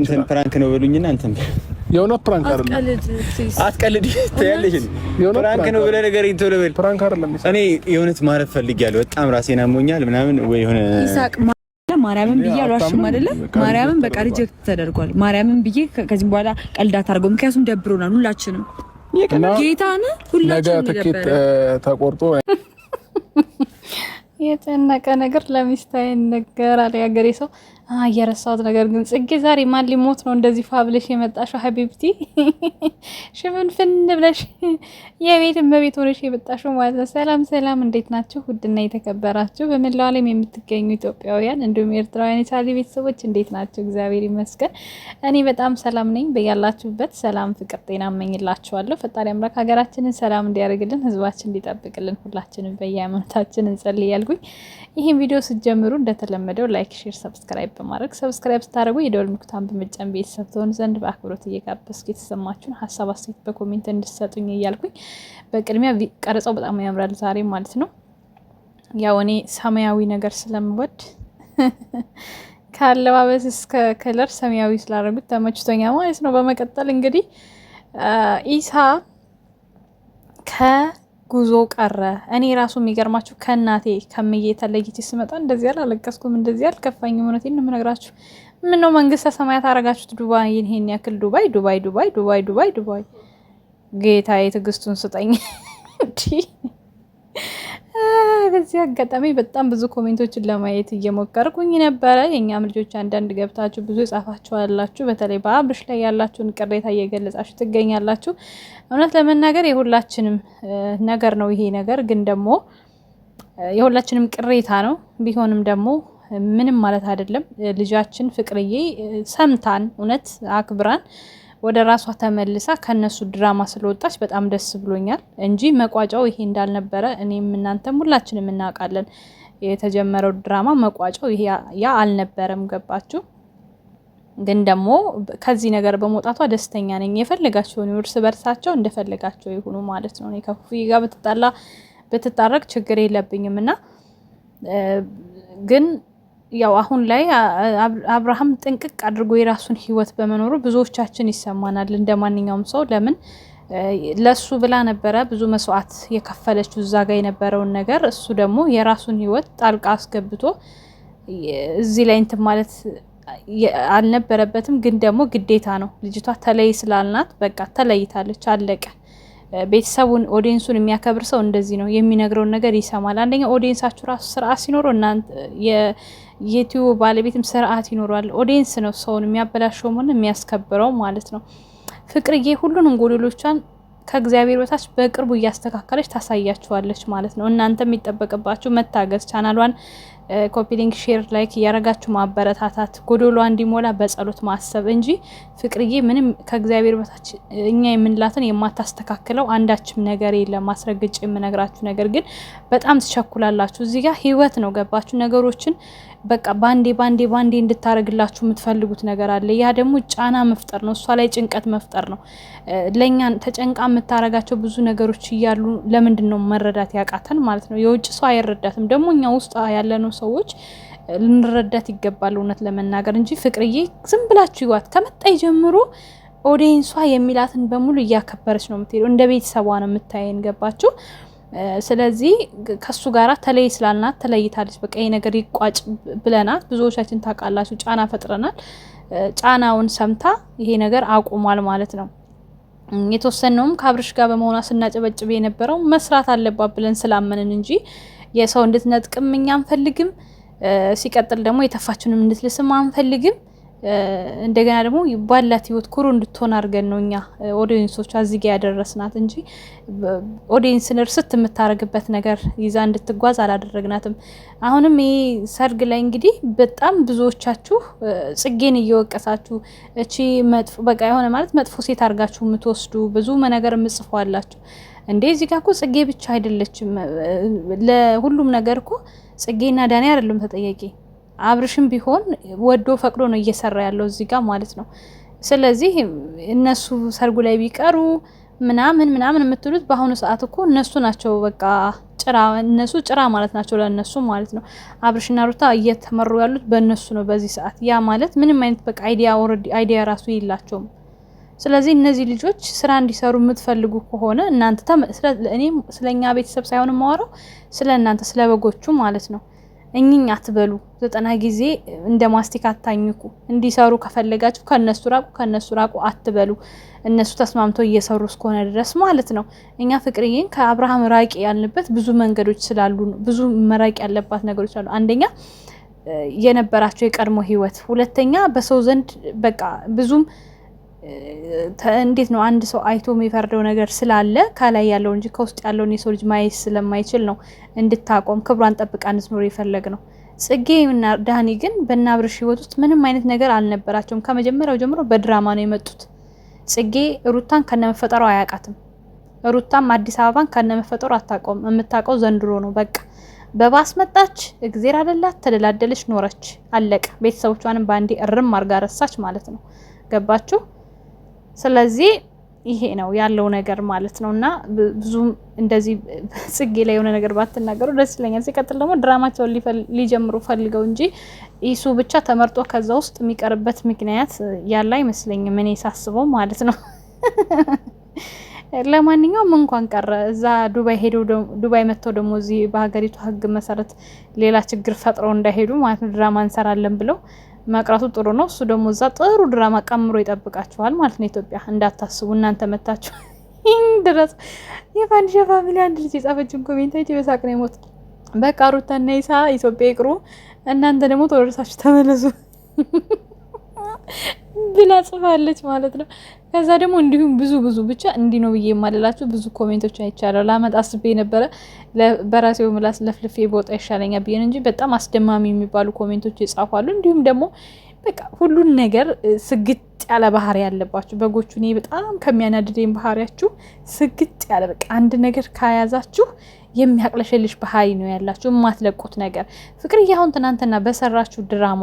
እንትን ፕራንክ ነው በሉኝና እንትን የሆነ ፕራንክ አይደለም። አትቀልድ ትያለሽ። ፕራንክ ነው ብለህ ነገር ቶሎ በል። ፕራንክ አይደለም። እኔ የእውነት ማረፍ ፈልጌያለሁ። በጣም ራሴን አሞኛል ምናምን ወይ የሆነ ማርያምን ብዬ አሏሽም አይደለ? ማርያምን በቃ ሪጀክት ተደርጓል። ማርያምን ብዬ ከዚህ በኋላ ቀልዳት አድርገው፣ ምክንያቱም ደብሮናል ሁላችንም። ጌታን ሁላችንም ትኬት ተቆርጦ የጨነቀ ነገር ለሚስት አይነገራል ያገሬ ሰው እየረሳሁት ነገር ግን ጽጌ ዛሬ ማን ሊሞት ነው እንደዚህ ፋ ብለሽ የመጣሽው? ሀቢብቲ ፍን ብለሽ የቤት እመቤት ሆነሽ የመጣሽው ማለት ነው። ሰላም ሰላም፣ እንዴት ናችሁ? ውድና የተከበራችሁ በመላው ዓለም የምትገኙ ኢትዮጵያውያን እንዲሁም ኤርትራውያን የቻሊ ቤተሰቦች እንዴት ናቸው? እግዚአብሔር ይመስገን እኔ በጣም ሰላም ነኝ። በያላችሁበት ሰላም፣ ፍቅር፣ ጤና እመኝላችኋለሁ። ፈጣሪ አምላክ ሀገራችንን ሰላም እንዲያደርግልን፣ ህዝባችን እንዲጠብቅልን ሁላችንም በየሃይማኖታችን እንጸልይ ይህን ቪዲዮ ስትጀምሩ እንደተለመደው ላይክ፣ ሼር፣ ሰብስክራይብ በማድረግ ሰብስክራይብ ስታደርጉ የደወል ምልክቱን በመጫን ቤተሰብ ትሆኑ ዘንድ በአክብሮት እየጋበዝኩ የተሰማችሁን ሀሳብ አስተያየት በኮሜንት እንድሰጡኝ እያልኩኝ በቅድሚያ ቀረጻው በጣም ያምራል ዛሬ ማለት ነው። ያው እኔ ሰማያዊ ነገር ስለምወድ ከአለባበስ እስከ ከለር ሰማያዊ ስላደረጉት ተመችቶኛ ማለት ነው። በመቀጠል እንግዲህ ኢሳ ከ ጉዞ ቀረ። እኔ ራሱ የሚገርማችሁ ከእናቴ ከምዬ ተለይቼ ስመጣ እንደዚህ አላለቀስኩም፣ እንደዚህ አልከፋኝም። እውነቴን ነው የምነግራችሁ። ምን ነው መንግስተ ሰማያት አረጋችሁት ዱባይ፣ ይህን ያክል ዱባይ ዱባይ ዱባይ ዱባይ ዱባይ ዱባይ። ጌታዬ ትዕግስቱን ስጠኝ እንዲህ በዚህ አጋጣሚ በጣም ብዙ ኮሜንቶችን ለማየት እየሞከርኩኝ ነበረ። የእኛም ልጆች አንዳንድ ገብታችሁ ብዙ የጻፋችሁ አላችሁ። በተለይ በአብርሽ ላይ ያላችሁን ቅሬታ እየገለጻችሁ ትገኛላችሁ። እውነት ለመናገር የሁላችንም ነገር ነው ይሄ ነገር ግን ደግሞ የሁላችንም ቅሬታ ነው። ቢሆንም ደግሞ ምንም ማለት አይደለም። ልጃችን ፍቅርዬ ሰምታን እውነት አክብራን ወደ ራሷ ተመልሳ ከነሱ ድራማ ስለወጣች በጣም ደስ ብሎኛል እንጂ መቋጫው ይሄ እንዳልነበረ እኔም እናንተም ሁላችንም እናውቃለን። የተጀመረው ድራማ መቋጫው ይሄ ያ አልነበረም። ገባችሁ? ግን ደግሞ ከዚህ ነገር በመውጣቷ ደስተኛ ነኝ። የፈለጋቸውን እርስ በርሳቸው እንደፈለጋቸው ይሁኑ ማለት ነው። እኔ ጋር ብትጣላ ብትጣረቅ ችግር የለብኝም እና ግን ያው አሁን ላይ አብርሃም ጥንቅቅ አድርጎ የራሱን ህይወት በመኖሩ ብዙዎቻችን ይሰማናል። እንደ ማንኛውም ሰው ለምን ለሱ ብላ ነበረ ብዙ መስዋዕት የከፈለችው እዛ ጋ የነበረውን ነገር እሱ ደግሞ የራሱን ህይወት ጣልቃ አስገብቶ እዚህ ላይ እንትን ማለት አልነበረበትም። ግን ደግሞ ግዴታ ነው። ልጅቷ ተለይ ስላልናት በቃ ተለይታለች፣ አለቀ። ቤተሰቡን ኦዲየንሱን የሚያከብር ሰው እንደዚህ ነው የሚነግረውን ነገር ይሰማል። አንደኛ ኦዲየንሳችሁ ራሱ ስርዓት ሲኖረው እናንተ የዩቲዩብ ባለቤትም ስርዓት ይኖረዋል። ኦዲየንስ ነው ሰውን የሚያበላሸውም ሆነ የሚያስከብረው ማለት ነው። ፍቅርዬ ሁሉንም ጎደሎቿን ከእግዚአብሔር በታች በቅርቡ እያስተካከለች ታሳያችኋለች ማለት ነው። እናንተ የሚጠበቅባችሁ መታገዝ ቻናሏን ሊንክ፣ ሼር ላይክ እያረጋችሁ ማበረታታት ጎዶሏ እንዲሞላ በጸሎት ማሰብ እንጂ ፍቅርዬ ምንም ከእግዚአብሔር በታች እኛ የምንላትን የማታስተካክለው አንዳችም ነገር የለም። ማስረግጭ የምነግራችሁ ነገር ግን በጣም ትቸኩላላችሁ። እዚህ ጋር ህይወት ነው ገባችሁ። ነገሮችን በቃ ባንዴ ባንዴ ባንዴ እንድታደርግላችሁ የምትፈልጉት ነገር አለ። ያ ደግሞ ጫና መፍጠር ነው፣ እሷ ላይ ጭንቀት መፍጠር ነው። ለእኛ ተጨንቃ የምታረጋቸው ብዙ ነገሮች እያሉ ለምንድን ነው መረዳት ያቃተን ማለት ነው? የውጭ ሰው አይረዳትም ደግሞ እኛ ውስጥ ያለነው ሰዎች ልንረዳት ይገባል። እውነት ለመናገር እንጂ ፍቅርዬ ዝም ብላችሁ ይዋት ከመጣይ ጀምሮ ኦዲየንሷ የሚላትን በሙሉ እያከበረች ነው የምትሄደው። እንደ ቤተሰቧ ነው የምታየን። ገባችሁ? ስለዚህ ከሱ ጋር ተለይ ስላልናት ተለይታለች። በቃ ይሄ ነገር ይቋጭ ብለናት ብዙዎቻችን ታውቃላችሁ፣ ጫና ፈጥረናል። ጫናውን ሰምታ ይሄ ነገር አቁሟል ማለት ነው። የተወሰነውም ከአብርሽ ጋር በመሆኗ ስናጨበጭብ የነበረው መስራት አለባት ብለን ስላመንን እንጂ የሰው እንድትነጥቅም እኛ አንፈልግም። ሲቀጥል ደግሞ የተፋችንም እንድትልስም አንፈልግም። እንደገና ደግሞ ባላት ህይወት ኩሩ እንድትሆን አድርገን ነው እኛ ኦዲየንሶች አዚጋ ያደረስናት እንጂ ኦዲየንስን እርስት የምታደርግበት ነገር ይዛ እንድትጓዝ አላደረግናትም። አሁንም ይህ ሰርግ ላይ እንግዲህ በጣም ብዙዎቻችሁ ጽጌን እየወቀሳችሁ እቺ በቃ የሆነ ማለት መጥፎ ሴት አድርጋችሁ የምትወስዱ ብዙ ነገር የምጽፏላችሁ እንዴ እዚህ ጋር እኮ ጽጌ ብቻ አይደለችም። ለሁሉም ነገር እኮ ጽጌና ዳኒ አይደለም ተጠያቂ። አብርሽም ቢሆን ወዶ ፈቅዶ ነው እየሰራ ያለው እዚህ ጋር ማለት ነው። ስለዚህ እነሱ ሰርጉ ላይ ቢቀሩ ምናምን ምናምን የምትሉት በአሁኑ ሰዓት እኮ እነሱ ናቸው። በቃ ጭራ እነሱ ጭራ ማለት ናቸው ለእነሱ ማለት ነው። አብርሽና ሩታ እየተመሩ ያሉት በእነሱ ነው በዚህ ሰዓት። ያ ማለት ምንም አይነት በቃ አይዲያ ኦልሬዲ አይዲያ ራሱ የላቸውም። ስለዚህ እነዚህ ልጆች ስራ እንዲሰሩ የምትፈልጉ ከሆነ እናንተ እኔ ስለኛ ቤተሰብ ሳይሆን የማወራው ስለ እናንተ ስለ በጎቹ ማለት ነው። እኝኝ አትበሉ፣ ዘጠና ጊዜ እንደ ማስቲክ አታኝኩ። እንዲሰሩ ከፈለጋችሁ ከነሱ ራቁ፣ ከነሱ ራቁ አትበሉ። እነሱ ተስማምተው እየሰሩ እስከሆነ ድረስ ማለት ነው። እኛ ፍቅርዬን ከአብርሃም ራቂ ያልንበት ብዙ መንገዶች ስላሉ ብዙ መራቅ ያለባት ነገሮች አሉ። አንደኛ የነበራቸው የቀድሞ ህይወት፣ ሁለተኛ በሰው ዘንድ በቃ ብዙም እንዴት ነው አንድ ሰው አይቶ የሚፈርደው ነገር ስላለ ከላይ ያለው እንጂ ከውስጥ ያለውን የሰው ልጅ ማየት ስለማይችል ነው እንድታቆም ክብሯን ጠብቃ እንድትኖር የፈለግ ነው። ጽጌ እና ዳኒ ግን በእነ አብርሽ ህይወት ውስጥ ምንም አይነት ነገር አልነበራቸውም። ከመጀመሪያው ጀምሮ በድራማ ነው የመጡት። ጽጌ ሩታን ከነመፈጠሩ አያውቃትም። ሩታም አዲስ አበባን ከነመፈጠሩ አታውቀውም። የምታውቀው ዘንድሮ ነው። በቃ በባስ መጣች፣ እግዜር አደላት፣ ተደላደለች፣ ኖረች፣ አለቀ። ቤተሰቦቿንም በአንዴ እርም አርጋ ረሳች ማለት ነው። ገባችሁ? ስለዚህ ይሄ ነው ያለው ነገር ማለት ነው። እና ብዙም እንደዚህ ጽጌ ላይ የሆነ ነገር ባትናገሩ ደስ ይለኛል። ሲቀጥል ደግሞ ድራማቸውን ሊጀምሩ ፈልገው እንጂ ኢሱ ብቻ ተመርጦ ከዛ ውስጥ የሚቀርበት ምክንያት ያለ አይመስለኝም እኔ ሳስበው ማለት ነው። ለማንኛውም እንኳን ቀረ እዛ ዱባይ ሄደው ዱባይ መጥተው ደግሞ እዚህ በሀገሪቱ ሕግ መሰረት ሌላ ችግር ፈጥረው እንዳይሄዱ ማለት ነው ድራማ እንሰራለን ብለው መቅረቱ ጥሩ ነው። እሱ ደግሞ እዛ ጥሩ ድራማ ቀምሮ ይጠብቃችኋል ማለት ነው። ኢትዮጵያ እንዳታስቡ እናንተ መታችሁ ድረስ የፋንዲሻ ፋሚሊ አንድ ልጅ የጻፈችን ኮሜንታ በሳቅ ነው የሞት በቃ ሩታና ይሳ ኢትዮጵያ ይቅሩ፣ እናንተ ደግሞ ተወርሳችሁ ተመለሱ። ብላ ጽፋለች ማለት ነው። ከዛ ደግሞ እንዲሁም ብዙ ብዙ ብቻ እንዲህ ነው ብዬ የማልላቸው ብዙ ኮሜንቶች አይቻለሁ። ላመጣ አስቤ ነበረ በራሴው ምላስ ለፍልፌ በወጣ ይሻለኛል ብዬን እንጂ በጣም አስደማሚ የሚባሉ ኮሜንቶች ይጻፋሉ። እንዲሁም ደግሞ በቃ ሁሉን ነገር ስግጥ ያለ ባህሪ ያለባችሁ በጎቹ፣ እኔ በጣም ከሚያናድደኝ ባህሪያችሁ ስግጥ ያለ በቃ አንድ ነገር ከያዛችሁ የሚያቅለሸልሽ ባህሪ ነው ያላችሁ፣ የማትለቁት ነገር። ፍቅርዬ አሁን ትናንትና በሰራችሁ ድራማ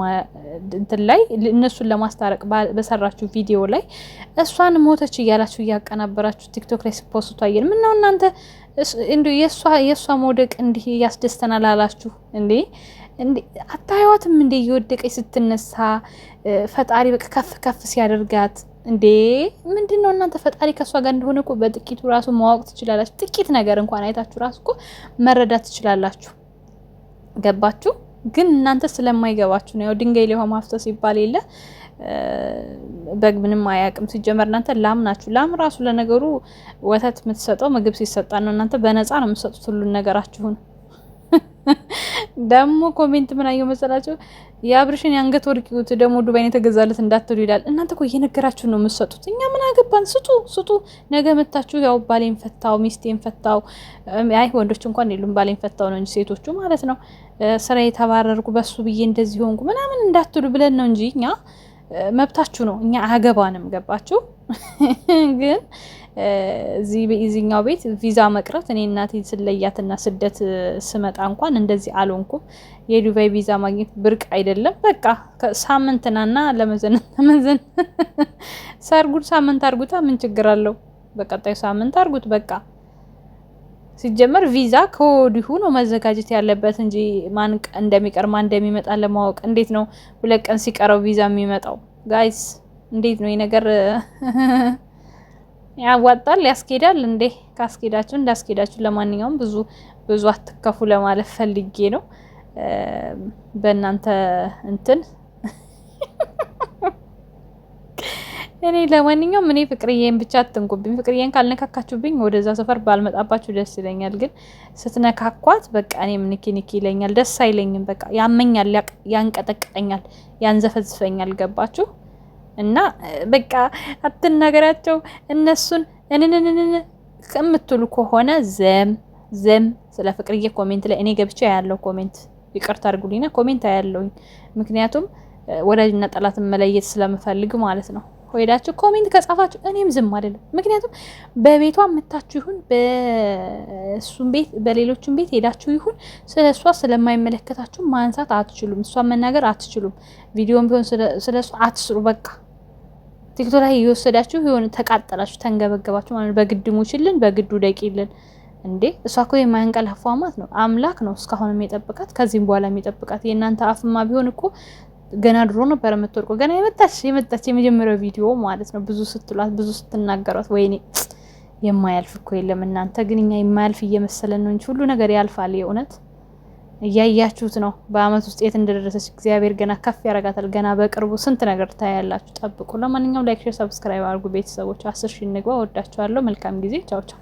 እንትን ላይ እነሱን ለማስታረቅ በሰራችሁ ቪዲዮ ላይ እሷን ሞተች እያላችሁ እያቀናበራችሁ ቲክቶክ ላይ ስፖስቱ አየን። ነው እናንተ እንዲ የእሷ መውደቅ እንዲህ ያስደስተናል አላችሁ እንዴ? አታዩዋትም እንዴ? እየወደቀች ስትነሳ ፈጣሪ በቃ ከፍ ከፍ ሲያደርጋት እንዴ ምንድን ነው እናንተ? ፈጣሪ ከእሷ ጋር እንደሆነ እኮ በጥቂቱ ራሱ ማወቅ ትችላላችሁ። ጥቂት ነገር እንኳን አይታችሁ ራሱ እኮ መረዳት ትችላላችሁ። ገባችሁ? ግን እናንተ ስለማይገባችሁ ነው። ያው ድንጋይ ላይ ውሃ ማፍሰስ ሲባል የለ በግ ምንም አያውቅም። ሲጀመር እናንተ ላም ናችሁ። ላም ራሱ ለነገሩ ወተት የምትሰጠው ምግብ ሲሰጣ ነው። እናንተ በነፃ ነው የምትሰጡት ሁሉን ነገራችሁን። ደግሞ ኮሜንት ምን አየው መሰላቸው የአብርሽን የአንገት ወርቂውት ደግሞ ዱባይን የተገዛለት እንዳትሉ ይላል። እናንተ እኮ እየነገራችሁ ነው የምትሰጡት። እኛ ምን አገባን? ስጡ ስጡ። ነገ መታችሁ ያው ባሌን ፈታው ሚስቴን ፈታው። አይ ወንዶች እንኳን የሉም ባሌን ፈታው ነው እንጂ ሴቶቹ ማለት ነው ስራ የተባረርኩ በሱ ብዬ እንደዚህ ሆንኩ ምናምን እንዳትሉ ብለን ነው እንጂ እኛ መብታችሁ ነው። እኛ አገባንም ገባችሁ ግን እዚህኛው ቤት ቪዛ መቅረት እኔ እናቴን ስለያትና ስደት ስመጣ እንኳን እንደዚህ አልሆንኩም። የዱባይ ቪዛ ማግኘት ብርቅ አይደለም። በቃ ሳምንትናና ለመዘነን ለመዘን ሳርጉድ ሳምንት አርጉታ ምን ችግር አለው? በቀጣዩ ሳምንት አርጉት በቃ ሲጀመር ቪዛ ከወዲሁ ነው መዘጋጀት ያለበት እንጂ ማን እንደሚቀር ማን እንደሚመጣ ለማወቅ እንዴት ነው ሁለት ቀን ሲቀረው ቪዛ የሚመጣው? ጋይስ እንዴት ነው ይህ ነገር? ያዋጣል፣ ያስኬዳል። እንዴ ካስኬዳችሁ እንዳስኬዳችሁ። ለማንኛውም ብዙ ብዙ አትከፉ ለማለት ፈልጌ ነው። በእናንተ እንትን እኔ ለማንኛውም እኔ ፍቅርዬን ብቻ አትንኩብኝ። ፍቅርዬን ካልነካካችሁብኝ ወደዛ ሰፈር ባልመጣባችሁ ደስ ይለኛል። ግን ስትነካኳት በቃ እኔም ንኪ ንኪ ይለኛል፣ ደስ አይለኝም። በቃ ያመኛል፣ ያንቀጠቅጠኛል፣ ያንዘፈዝፈኛል። ገባችሁ? እና በቃ አትናገራቸው እነሱን እንንንንን ከምትሉ ከሆነ ዘም ዘም ስለ ፍቅርዬ ኮሜንት ላይ እኔ ገብቼ ያለው ኮሜንት ይቅርታ አድርጉልኝና ኮሜንት አያለውኝ። ምክንያቱም ወዳጅና ጠላትን መለየት ስለምፈልግ ማለት ነው። ሄዳችሁ ኮሜንት ከጻፋችሁ እኔም ዝም አይደለም። ምክንያቱም በቤቷ መታችሁ ይሁን በእሱም ቤት በሌሎችም ቤት ሄዳችሁ ይሁን ስለ እሷ ስለማይመለከታችሁ ማንሳት አትችሉም። እሷ መናገር አትችሉም። ቪዲዮም ቢሆን ስለ እሷ አትስሩ በቃ ቲክቶክ ላይ እየወሰዳችሁ የሆነ ተቃጠላችሁ ተንገበገባችሁ ማለት ነው። በግድ ሙችልን፣ በግድ ውደቂልን። እንዴ እሷ እኮ የማያንቀላፋ አማት ነው፣ አምላክ ነው እስካሁን የሚጠብቃት ከዚህም በኋላ የሚጠብቃት። የእናንተ አፍማ ቢሆን እኮ ገና ድሮ ነበር የምትወርቀው። ገና የመጣች የመጣች የመጀመሪያው ቪዲዮ ማለት ነው። ብዙ ስትሏት፣ ብዙ ስትናገሯት፣ ወይኔ የማያልፍ እኮ የለም። እናንተ ግን እኛ የማያልፍ እየመሰለን ነው እንጂ ሁሉ ነገር ያልፋል የእውነት እያያችሁት ነው። በአመት ውስጥ የት እንደደረሰች እግዚአብሔር ገና ከፍ ያረጋታል። ገና በቅርቡ ስንት ነገር ታያላችሁ። ጠብቁ። ለማንኛውም ላይክ፣ ሼር፣ ሰብስክራይብ አድርጉ ቤተሰቦች። አስር ሺህ እንግባ። ወዳችኋለሁ። መልካም ጊዜ። ቻው ቻው።